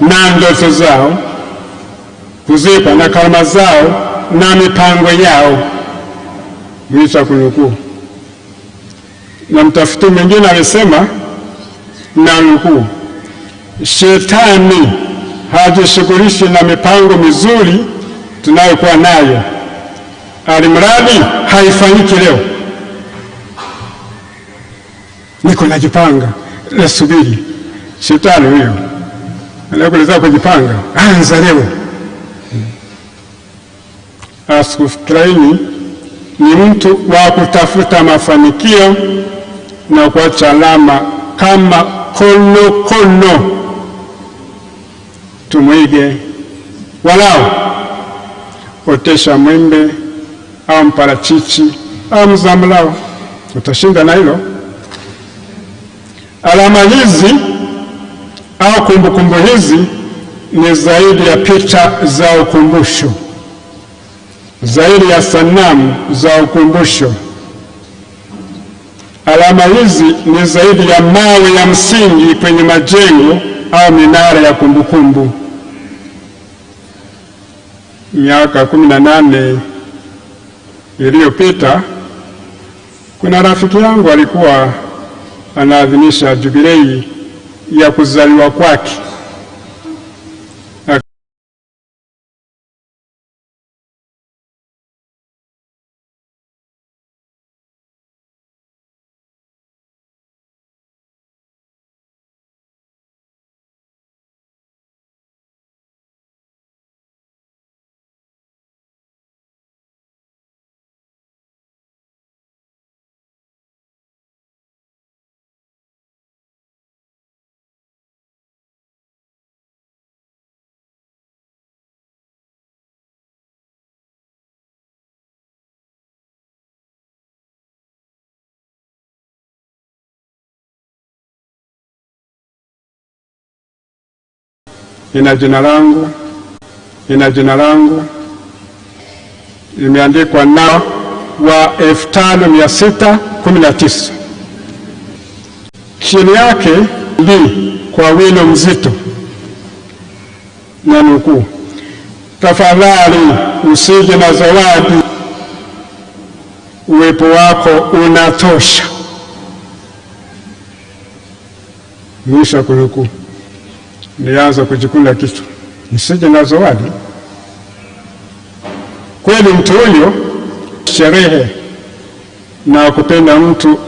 na ndoto zao, kuzipa na karama zao na mipango yao, nicha kunukuu. Na mtafiti mwingine alisema na nukuu, shetani hajishughulishi na mipango mizuri tunayokuwa nayo, alimradi haifanyiki leo. Niko najipanga, nasubiri shetani huyo anakuelezea kujipanga, anza leo. Hmm. Askofu ni mtu wa kutafuta mafanikio na kuacha alama kama kono kono. Tumwige walau otesha mwembe au mparachichi au mzamlao, utashinda na hilo. Alama hizi au kumbukumbu hizi ni zaidi ya picha za ukumbusho, zaidi ya sanamu za ukumbusho. Alama hizi ni zaidi ya mawe ya msingi kwenye majengo au minara ya kumbukumbu. Miaka kumi na nane iliyopita kuna rafiki yangu alikuwa anaadhimisha jubilei ya kuzaliwa kwake ina jina langu, ina jina langu imeandikwa na wa 5619 chini yake mbili kwa wino mzito na nukuu, tafadhali usije na zawadi, uwepo wako unatosha. Mwisho kunukuu nianza kujikula kitu nisije na zawadi. Kweli mtu huyo sherehe na kupenda mtu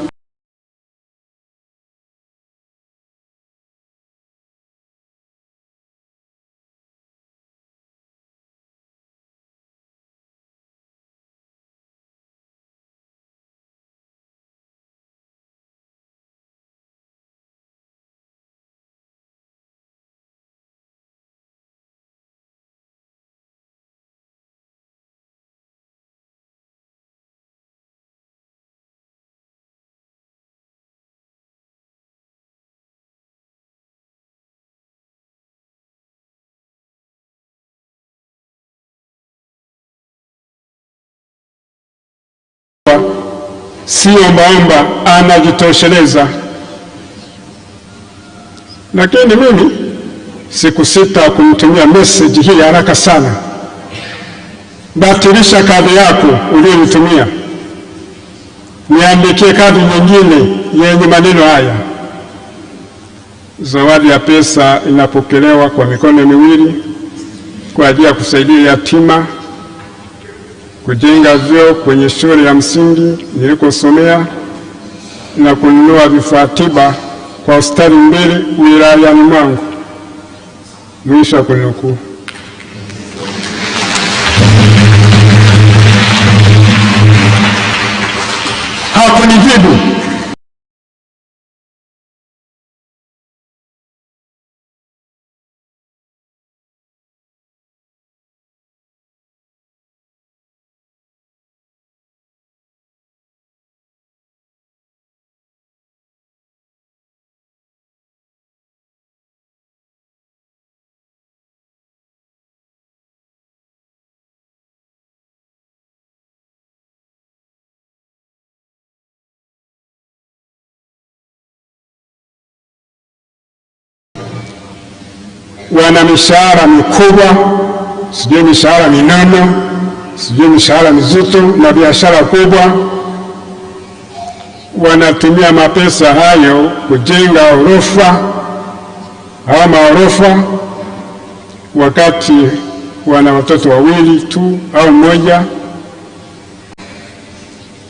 siombaomba anajitosheleza. Lakini mimi sikusita kumtumia meseji hii haraka sana, batilisha kadi yako uliyonitumia, niandikie kadi nyingine yenye maneno haya: zawadi ya pesa inapokelewa kwa mikono miwili kwa ajili ya kusaidia yatima kujenga vyoo kwenye shule ya msingi nilikosomea na kununua vifaa tiba kwa hospitali mbili wilayani mwangu. Mwisho wa kunukuu. wana mishahara mikubwa, sijui mishahara minana, sijui mishahara mizito na biashara kubwa, wanatumia mapesa hayo kujenga orofa au maorofa, wakati wana watoto wawili tu au mmoja.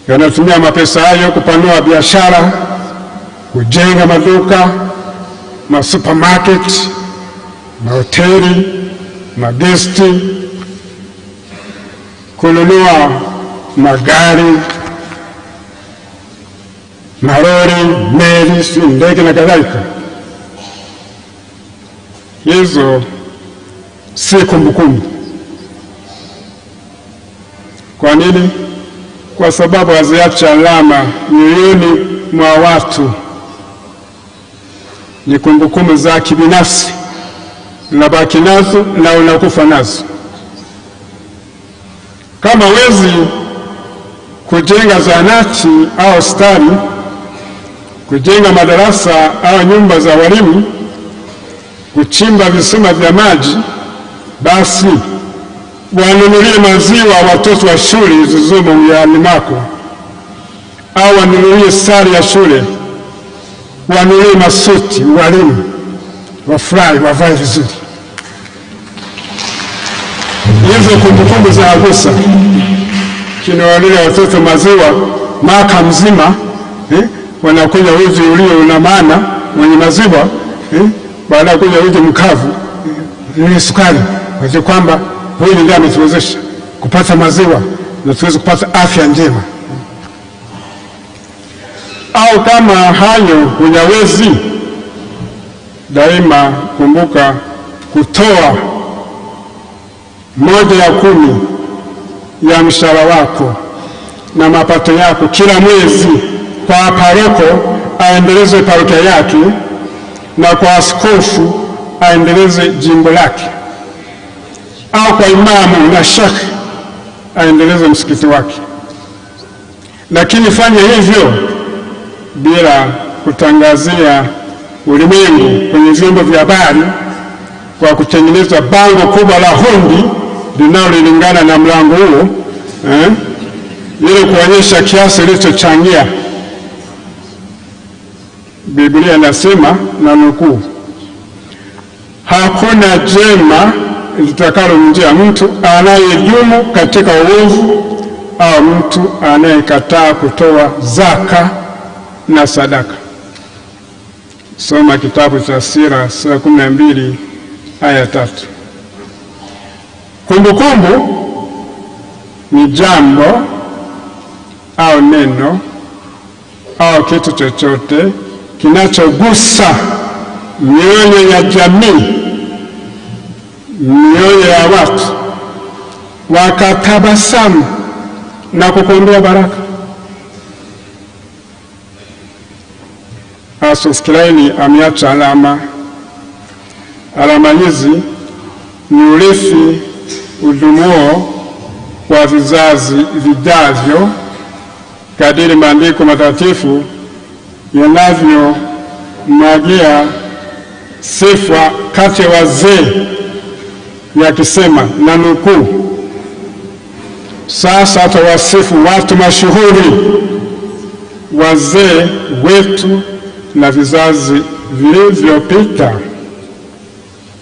Wanatumia mapesa hayo kupanua biashara, kujenga maduka masupermarket mahoteli, magesti, kununua magari, malori, meli, si ndege na kadhalika. Hizo si kumbukumbu. Kwa nini? Kwa sababu haziacha alama mioyoni mwa watu, ni kumbukumbu za kibinafsi unabaki nazo na unakufa nazo. Kama wezi kujenga zahanati au hospitali, kujenga madarasa au nyumba za walimu, kuchimba visima vya maji, basi wanunulie maziwa watoto wa shule zilizomo wilayani mwako, au wanunulie sare ya shule, wanunulie masuti walimu wafurahi, wavae vizuri. Hizo kumbukumbu za Agusa kinawalia watoto maziwa mwaka mzima eh, wanakuja uji ulio una maana mwenye maziwa eh, kuja uji mkavu eh, ni sukari, wajue kwamba huyu ndiye ametuwezesha kupata maziwa na tuweze kupata afya njema. Au kama hayo huyawezi Daima kumbuka kutoa moja ya kumi ya mshahara wako na mapato yako kila mwezi kwa paroko aendeleze parokia yake na kwa askofu aendeleze jimbo lake, au kwa imamu na shekhi aendeleze msikiti wake. Lakini fanya hivyo bila kutangazia ulimwengu kwenye vyombo vya habari kwa kutengeneza bango kubwa la hundi linalolingana na mlango huo eh, ili kuonyesha kiasi ilichochangia. Biblia inasema na nukuu, hakuna jema litakalomjia mtu anayejumu katika uovu au mtu anayekataa kutoa zaka na sadaka. Soma kitabu cha Sira sura ya kumi na mbili aya tatu. Kumbukumbu ni jambo au neno au kitu chochote kinachogusa mioyo ya jamii, mioyo ya watu wakatabasamu na kukuombea baraka. Askofu Kilaini ameacha alama. Alama hizi ni urithi udumuo kwa vizazi vijavyo, kadiri maandiko matakatifu yanavyomwagia sifa kati ya wazee, yakisema na nukuu, sasa atawasifu watu mashuhuri, wazee wetu na vizazi vilivyopita.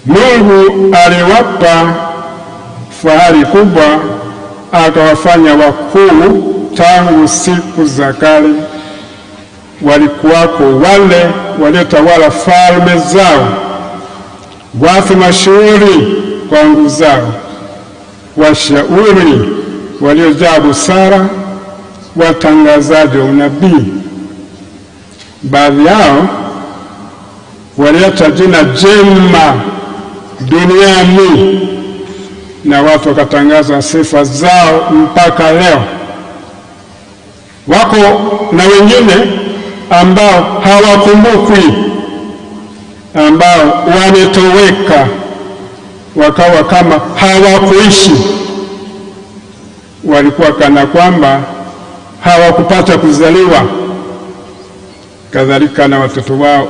Mungu aliwapa fahari kubwa, akawafanya wakuu tangu siku za kale. Walikuwako wale waliotawala falme zao, watu mashuhuri kwa nguvu zao, washauri waliojaa busara, watangazaji wa unabii baadhi yao walileta jina jema duniani na watu wakatangaza sifa zao mpaka leo. Wako na wengine ambao hawakumbukwi, ambao wametoweka, wakawa kama hawakuishi, walikuwa kana kwamba hawakupata kuzaliwa kadhalika na watoto wao